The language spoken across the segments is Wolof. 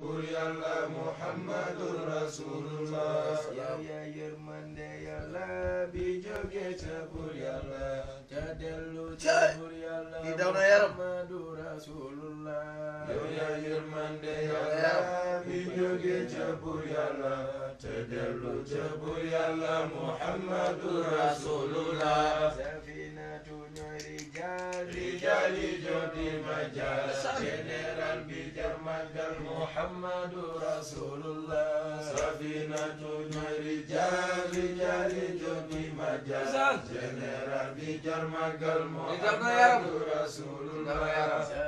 bur yàlla muhammadun rasulullah yaa yërmande yàlla bi jóge ca bur yàlla ca dellu ca bur yàlla muhammadun rasulullah yaa yërmande yàlla bi jóge ca bur yàlla ca dellu ca bur yàlla muhammadun rasulullah rijali jodi majal général bi jar magal muhammadu rasulullah safinatu rijal rijali jodi majal général bi magal muhammadu rasulullah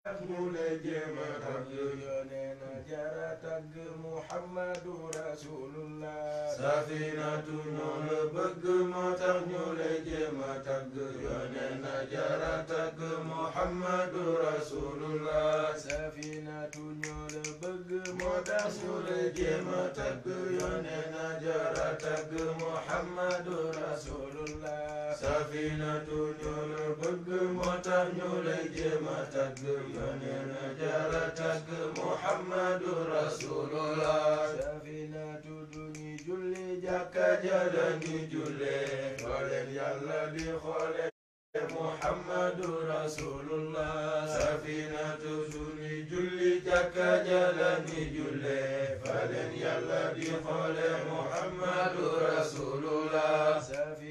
mu la a tagg bëgg moo tax ñu la jéem a tagg yónnee na na jara tagg muhammadu rasulullah safinatu ñu a julli jàkka jara ñu jullee julli jàkka jara ñu jullee xooleen rasulullah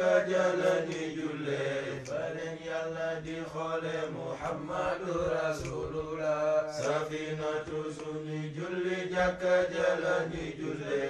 ka jalani julle falen yàlla di xoole muhammadu rasulullah safinatu sunu julli jàkka jalani julle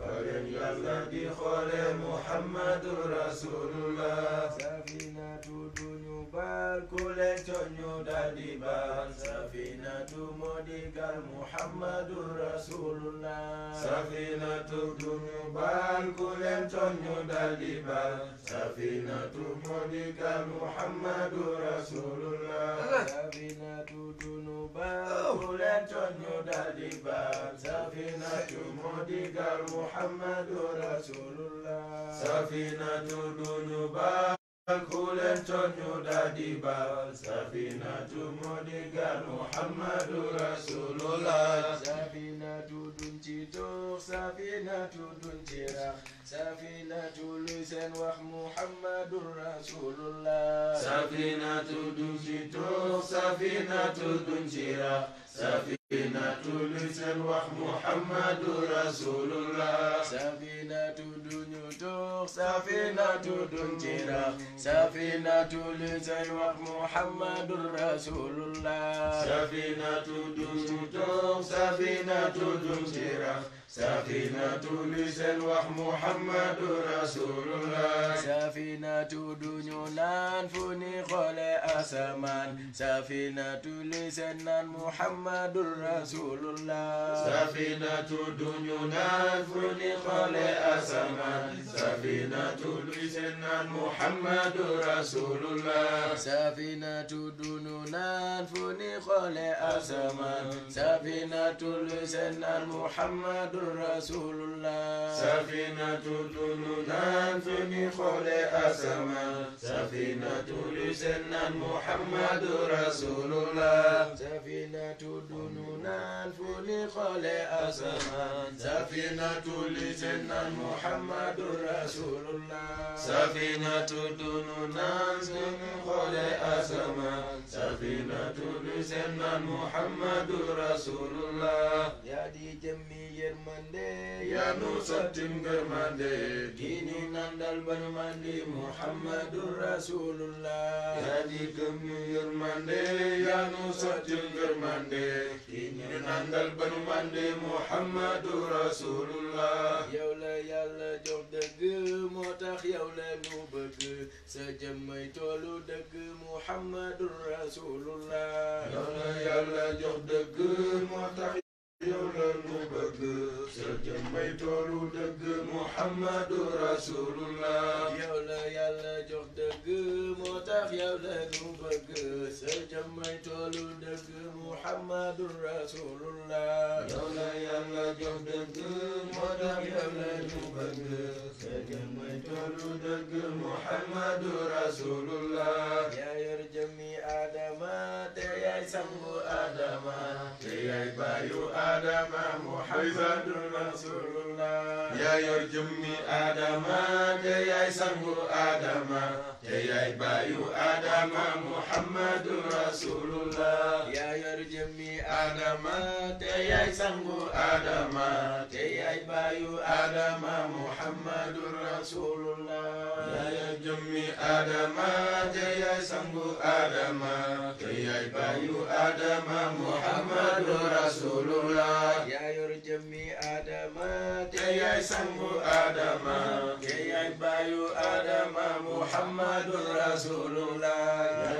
falen yàlla di xoole muhammadu rasulullah safinatu baal ku leen coñu daldi baal safinatu moo digal muhammadu rasulullah safinatu duñu baal ku leen coñu daldi baal safinatu moo digal muhammadu rasulullah safinatu duñu baal ku leen coñu daldi baal safinatu moo digal muhammadu rasulullah safinatu duñu baal kulen ton ñu daldi baal safinatu moo di gaal muhammadu rasulullah safinatu duñ ci tuux safinatu duñ ci rax safinatu luy seen wax muhammadu rasulullah safinatu duñ ci tuux safinatu duñ ci rax safinatu luy seen wax muhammadu rasulullah safinatu duñu tuux safinatu duñ ci rax safinatu luy seen wax muhammadu rasulullah safinatu duñu tuux safinatu duñ ci rax safinatu luy seen wax muhammadu rasulullah safinatu duñu naan fu ni xoole asamaan safinatu luy seen naan muhammadu rasulullah safinatu duñu naan fu ni xoole asamaan safinatu luy seen naan muhammadu rasulullah safinatu duñu naan fu ni xoole asamaan safinatu luy seen naan muhammadu rasulullah safinatu tulu naan suñu xoole asamaan safinatu lu seen naan muhammadu rasulullah safinatu dunu naan fu ñu xoole asamaan safinatu lu seen naan muhammadu rasulullah safinatu dunu naan suñu xoole asamaan safinatu lu seen naan muhammadu rasulullah yaa di jëmmi yéen yërmande yaa nu sotti ngërmande gi ñu nandal ba ñu muhammadu rasulullah yaa di gëm ñu yërmande yaa nu sotti ngërmande gi ñu nandal ba ñu muhammadu rasulullah yow la yàlla jox dëgg moo tax yow la nu bëgg sa jëmmay toolu dëgg muhammadu rasulullah yow la yàlla jox dëgg moo tax yow la nu bëgg sa jëmmay toolu dëgg Muhammadu Rasulullah yow la yàlla jox dëgg moo tax yow la nu bëgg sa jëmmay toolu dëgg Muhammadu Rasulullah yow la yàlla jox dëgg moo tax yow la nu bëgg sa jëmmay toolu dëgg Muhammadu Rasulullah yaa yor jëmmi Adama te yaay sangu Adama te yaay baayu Adama adama muhammadun rasulullah yaa yor jëmmi adama te yaay sangu adama te yaay baayu adama muhammadun rasulullah yaa yor jëmmi adama te yaay sangu adama te yaay baayu adama muhammadun rasulullah yaa yor jëmmi adama te yaay sangu adama جيباي آدم محمد رسول الله يا يرجمي آدم يا سمو آدم يا بايو آدم محمد رسول الله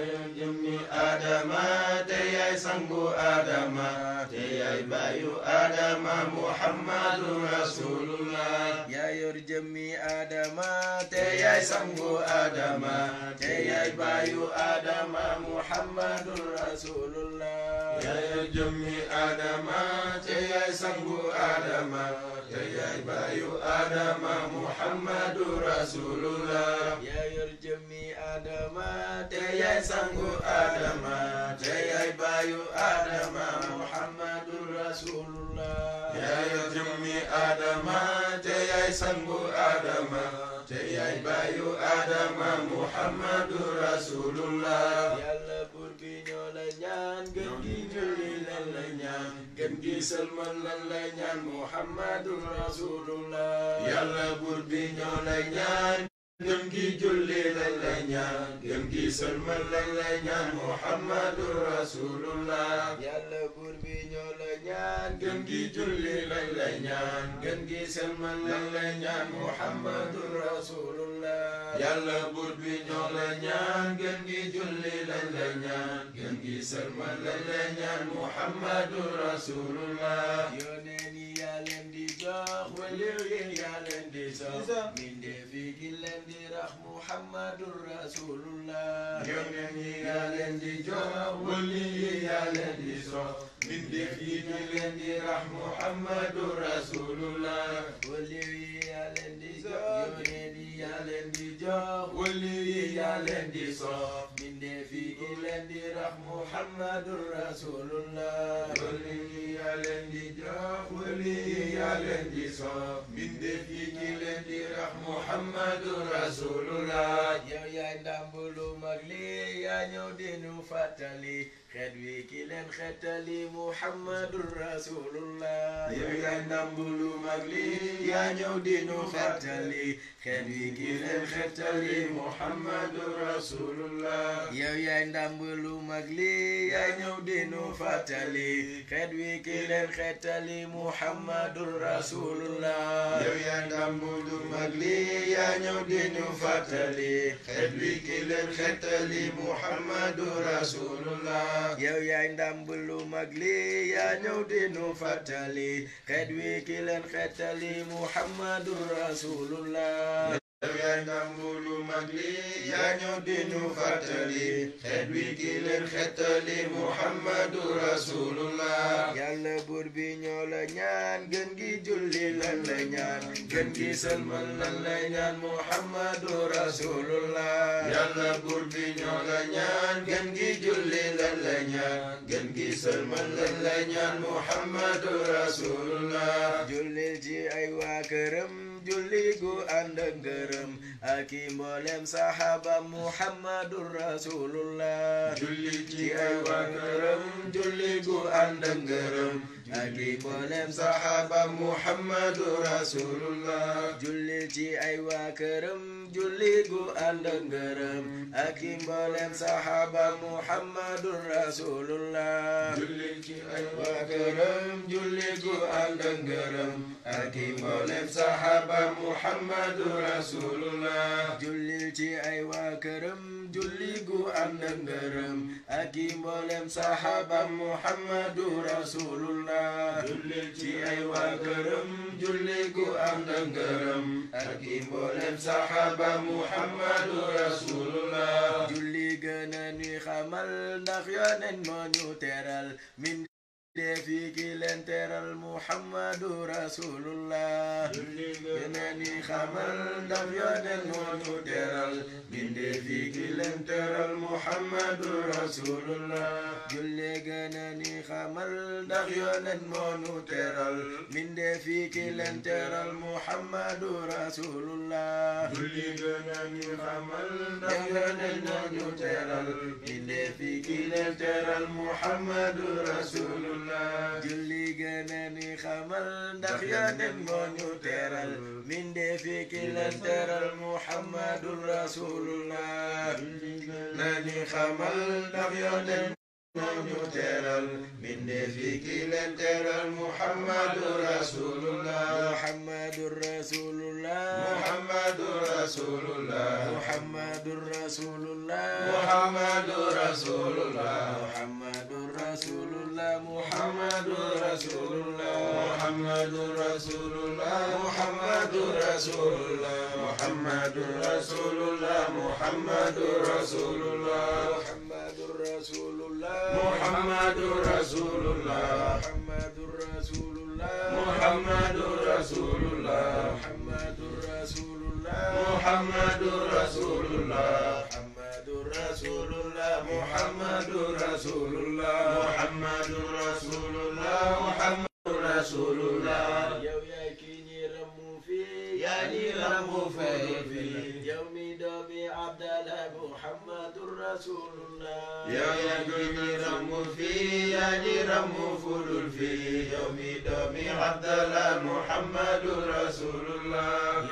sangu adama te yaay baayu adama muhammadu rasulullah yaa yor jëmmi adama te yaay sangu adama te yaay baayu adama muhammadu rasulullah yaa yor jëmmi adama te yaay sangu adama بأيو آدم محمد رسول الله يا يرجمي آدم تيا سانغو آدم تيا بأيو آدم محمد رسول الله يا يرجمي آدم تيا سانغو آدم تيا بأيو آدم محمد رسول الله sëlmal lan lay ñaan muhammadun rasulullah yàlla buur bi ñoo lay ñaan gëm gi julli lañ lay ñaan gëm gi sëlmal lañ lay ñaan muhammadu rasulullah yàlla buur bi ñoo la ñaan gëm gi julli lañ lay ñaan gëm gi sëlmal lañ lay ñaan muhammadu rasulullah yàlla bi ñoo la ndax muhammadur rasulullah yónneen yi yaa leen di jox wali yi yaa leen di sox mbindeef yi ñu leen di rax muhammadur rasulullah wali yi yaa leen di jox yónneen yi yaa leen di jox wali yi yaa leen di sox mbindeef yi ñu leen di rax muhammadur rasulullah wali yi yaa leen di jox wali yaa leen di soof mbindeef yi ki leen di rax muhammadu rasulullah yow yaay mag lii yaa ñëw di nu fàttali xeet wi ki leen xettali muhammadu rasulullah rasulullah yow yaa ndam bu du mag lii yaa ñëw di ñu fàttali xet wi ki leen xetali muhammadu rasulullah yow yaa ndam bu lu mag lii yaa ñëw di ñu fàttali xet wi ki leen xetali muhammadu rasulullah yow yaa ndam bu lu mag lii yaa ñëw di ñu fàttali xeet wi ki leen xettali muhammadu rasulullah yàlla buur bi ñoo la ñaan gën gi julli lan la ñaan gën gi sëlmal lan la ñaan muhammadu rasulullah yàlla buur bi ñoo la gën gi julli lan la gën gi sëlmal lan la ñaan muhammadu rasulullah jullil ci ay waa julli gu ànd ak ngërëm ak saxaaba muhammadu rasulullah julli ci ay waa këram julli gu ànd ak ak i mboolem saxaaba muhammadu rasulullah julli ci ay waa këram julli gu ànd ak ngërëm ak i mboolem saxaaba muhammadu rasulullah julli ci ay waa këram julli gu ànd ak ngërëm ak i mboolem saxaaba muhammadu rasulullah julli ci ay waa këram julli gu ànd ak ngërëm ak i mboolem saxaaba muhammadu rasulullah jullil ci ay waa këram julli gu am na ngërëm ak i mboolem saxaaba muhammadu rasulullah julli gën a ñuy xamal ndax yonen moo ñu teral min defi ki leen teral muhammadu rasulullah yeneen xamal ndam yonen moonu teral min defi ki leen teral muhammadu rasulullah julle gëna ni xamal ndax yonen moonu teral min defi ki leen teral muhammadu rasulullah julle gëna ni xamal ndax yonen moonu teral min defi ki leen teral muhammadu rasulullah julli gën a ni xamal ndax yonent moo ñu teral mbindeef yi ki leen teral muhammadun rasulullah na ni xamal ndax yonent moo ñu teral mbindeef yi ki leen teral muhammadun rasulullah muhammadun rasulullah muhammadun rasulullah muhammadun rasulullah muhammadun rasulullah muhammadun rasulullah محمد رسول الله محمد رسول الله محمد رسول الله محمد رسول الله محمد رسول الله محمد رسول الله محمد رسول الله محمد رسول الله محمد رسول الله محمد رسول الله محمد محمد رسول الله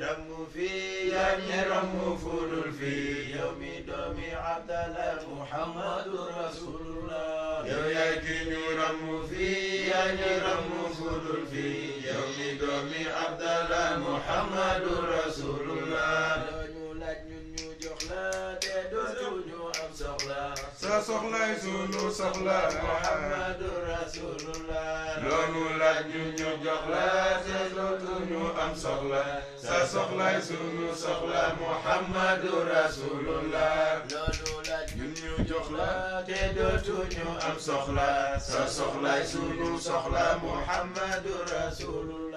رم في يعني رم فول في يوم دوم عبد الله محمد رسول الله يو يكين رم في يعني رم فول في يوم دوم عبد الله محمد رسول الله sa soxlay sunu soxla muhammadu rasulullah loolu laaj ñu ñu jox la te dootuñu am soxla sa soxlay sunu soxla muhammadu rasulullah loolu laaj ñu ñu jox la te dootuñu am soxla sa soxlay sunu soxla muhammadu rasulullah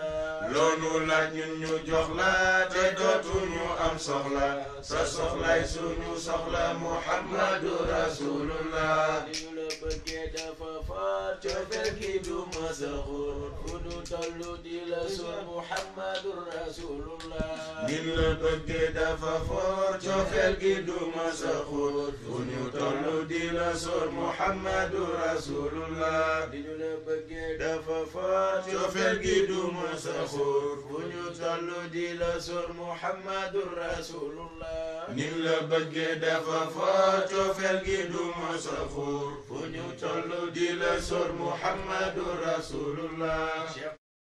loonu laaj ñun ñu jox la te dootuñu am soxla sa soxlay suñu soxla muhammadu rasulullah ñu la bëggee dafa faar cofeel gi du la sun muhammadu rasulullah gi du masaxur fu nu tollu di la sun muhammadu rasulullah suur fu ñu toll di la suur muhammadu rasulullah ni la bëggee dafa footo fel gi du mos a fuur fu ñu toll di la suur muhammadu rasulullah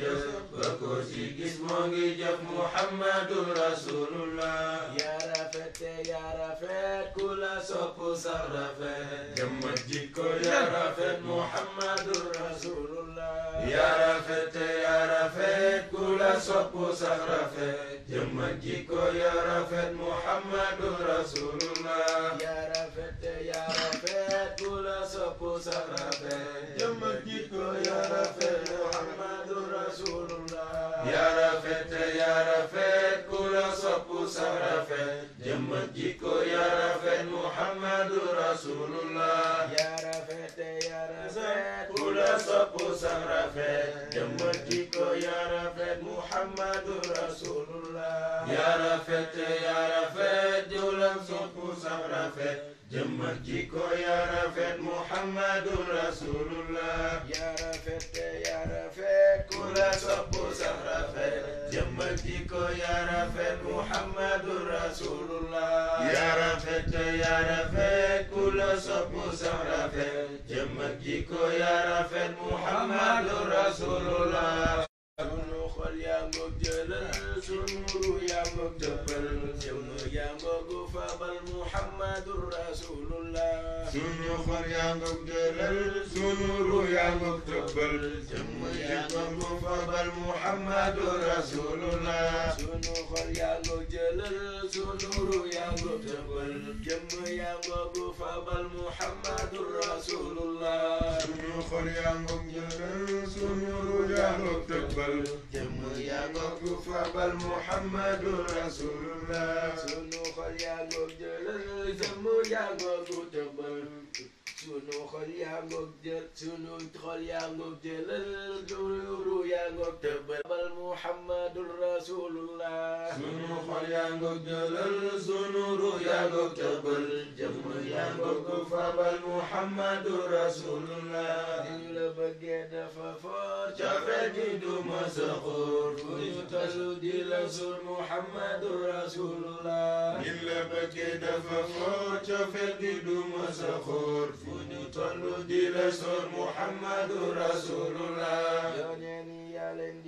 jëf ba ko ci ngi jëf muhammadun rasulullah yaa rafete rafet ku la sopp sa rafet jëmmat jikko rafet muhammadun rasulullah yaa rafet ku la rafet ku la sopp sa rasulullah yaa rafet yaa rafet ku la sopp sa rafet jëmm jikko yaa rafet muhammadu rasulullah te yarafet ku la sopp sa rafet jëmmal jikko yarafet muhammadu rasulullah yarafet te yarafet ku la sopp sa rafet jëmmal jikko yarafet muhammadu rasulullah yarafet te yarafet ku la sopp sa rafet jëmmal jikko yarafet muhammadu rasulullah yarafet te yarafet ku la sopp sa rafet jëmm ak jikko yaa rafet muhammadu rasulullah sunu xol yaa ngoog jëlal sunu ru yaa ngoog jëppal jëmm yaa ngoog fabal muhammadu rasulullah sunu xol yaa ngoog jëlal sunu ru yaa ngoog jëppal jëmm yaa ngoog fabal muhammadu rasulullah sunu xol yaa ngoog jëlal sunu ruur yaa ngoog tëbbal jëmm yaa ngoog fabal muhammadu rasulullah sunu xol yaa ngoog jëlal sunu ruur yaa ngoog tëbbal jëmm yaa ngoog fabal muhammadu rasulullah sunu xol yaa ngoog jëlal jëmm yaa ngoog tëbbal sunu xol yaa ngoog jël sunu xol yaa ngoog jëlal juru yaa ngoog tëbbal muhammadun rasulullah sunu xol yaa ngoog jëlal sunu ru yaa ngoog tëbbal jëmm yaa ngoog fabal muhammadun rasulullah diñ la bëggee dafa foor cofeel gi du ma sa xóor fu ñu talu di la sul muhammadun rasulullah diñ la bëggee dafa foor cofeel gi du ma sa xóor fu ñu tollu di la sol muhammadu rasulullah yaa leen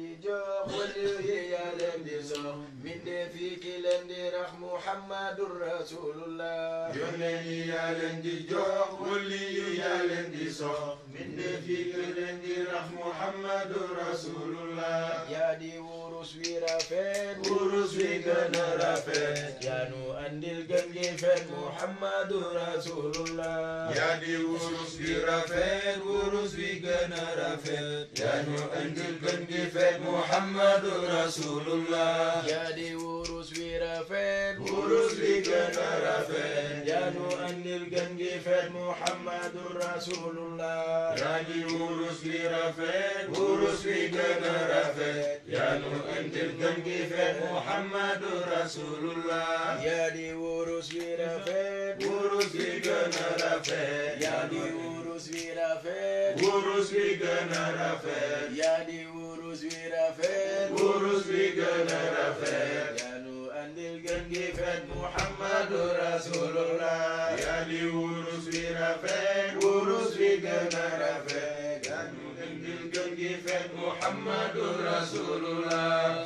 wurus wi rafet. wurus wi gën a rafet. yaa nu andil gën gi fet Muhammadu Rasulullah. yaa di wurus wi rafet. wurus wi gën a rafet. yaa nu dem di fet Muhammadu Rasulullah jadi wurus wi rafet wurus wi gën a rafet janu andil gën di fet Muhammadu Rasulullah jadi wurus wi rafet wurus wi gën a rafet janu andil gën di fet Muhammadu Rasulullah jadi wurus wi rafet wurus wi gën a rafet jadi wurus wi rafet wurus wi gën a rafet jadi wurus wi rafet wurus wi gën a rafet yanu andil gën gi fet muhammadu rasulullah yani wurus wi rafet wurus wi gën a rafet yanu andil gën gi fet muhammadu rasulullah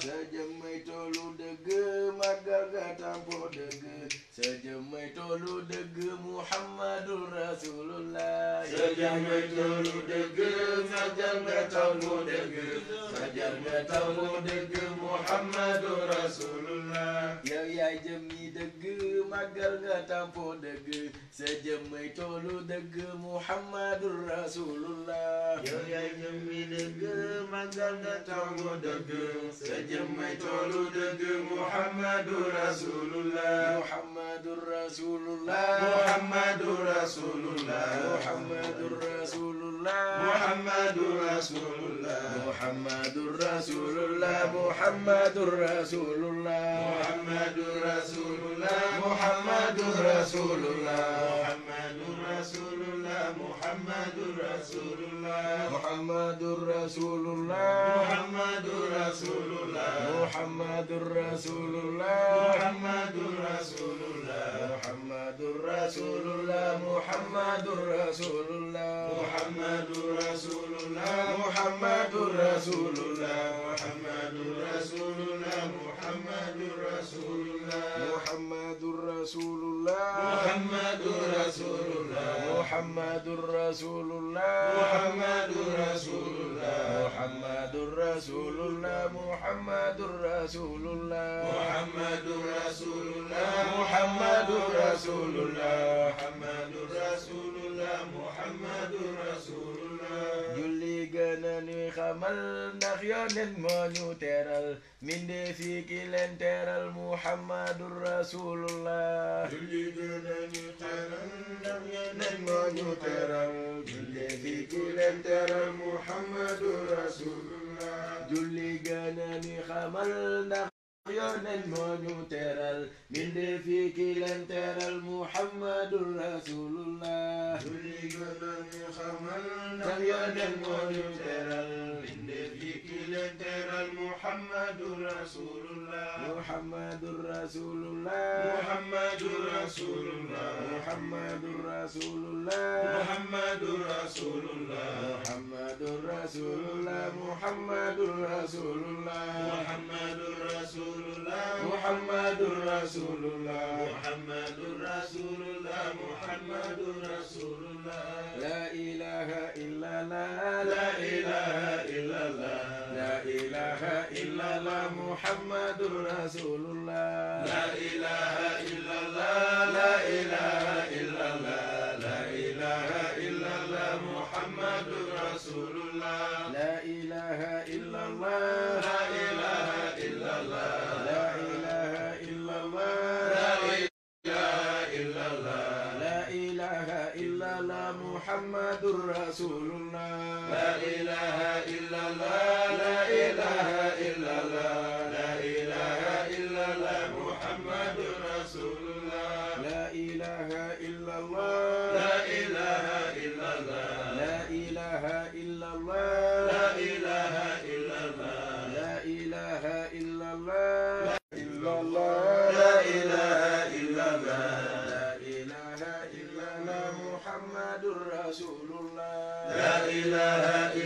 sa jëm may toolu dëgg muhammadu rasulullah sa jëm may toolu dëgg sa jëm nga toolu dëgg sa jëm nga toolu dëgg muhammadu rasulullah yow yaay jëm ñi dëgg màggal nga tampo dëgg sa jëm may toolu dëgg muhammadu rasulullah yow yaay jëm ñi dëgg magal na tàngu dëgg sa jëmmay toolu dëgg muhammadu rasulullah muhammadu rasulullah muhammadu rasulullah muhammadu rasulullah muhammadu rasulullah muhammadu rasulullah muhammadu rasulullah muhammadu rasulullah muhammadu rasulullah رسول الله محمد رسول الله محمد رسول الله محمد رسول الله محمد رسول الله محمد رسول الله محمد رسول الله محمد رسول الله محمد رسول الله محمد رسول الله محمد رسول الله محمد رسول الله محمد رسول الله محمد رسول الله محمد رسول الله محمد رسول الله محمد رسول الله محمد رسول الله julli gën a ñuy xamal ndax yonent moo ñu teral mindee fii ki leen teral muhammadur rasulullah julli gën a ñuy moo ñu teral julli bi ki leen teral muhammadu rasulullah julli gën a ni xamal ndax yonent moo ñu teral minde fi ki leen teral muhammadu rasulullah julli gën a ni xamal ndax yonent moo ñu teral teral Muhammadu Rasulullah Muhammadu Rasulullah Muhammadu Rasulullah Muhammadu Rasulullah Muhammadu Rasulullah Muhammadu Rasulullah Muhammadu Rasulullah Muhammadu Rasulullah Muhammadu Rasulullah Muhammadu Rasulullah Muhammadu Rasulullah La ilaha illallah La ilaha illallah Muhammadur Rasulullah la ilaha illallah محمد رسول الله لا إله إلا الله لا إله إلا الله لا إله إلا الله محمد رسول الله لا إله إلا الله لا إله إلا الله لا إله إلا الله لا إله إلا الله لا إله إلا الله إلا الله إله إلا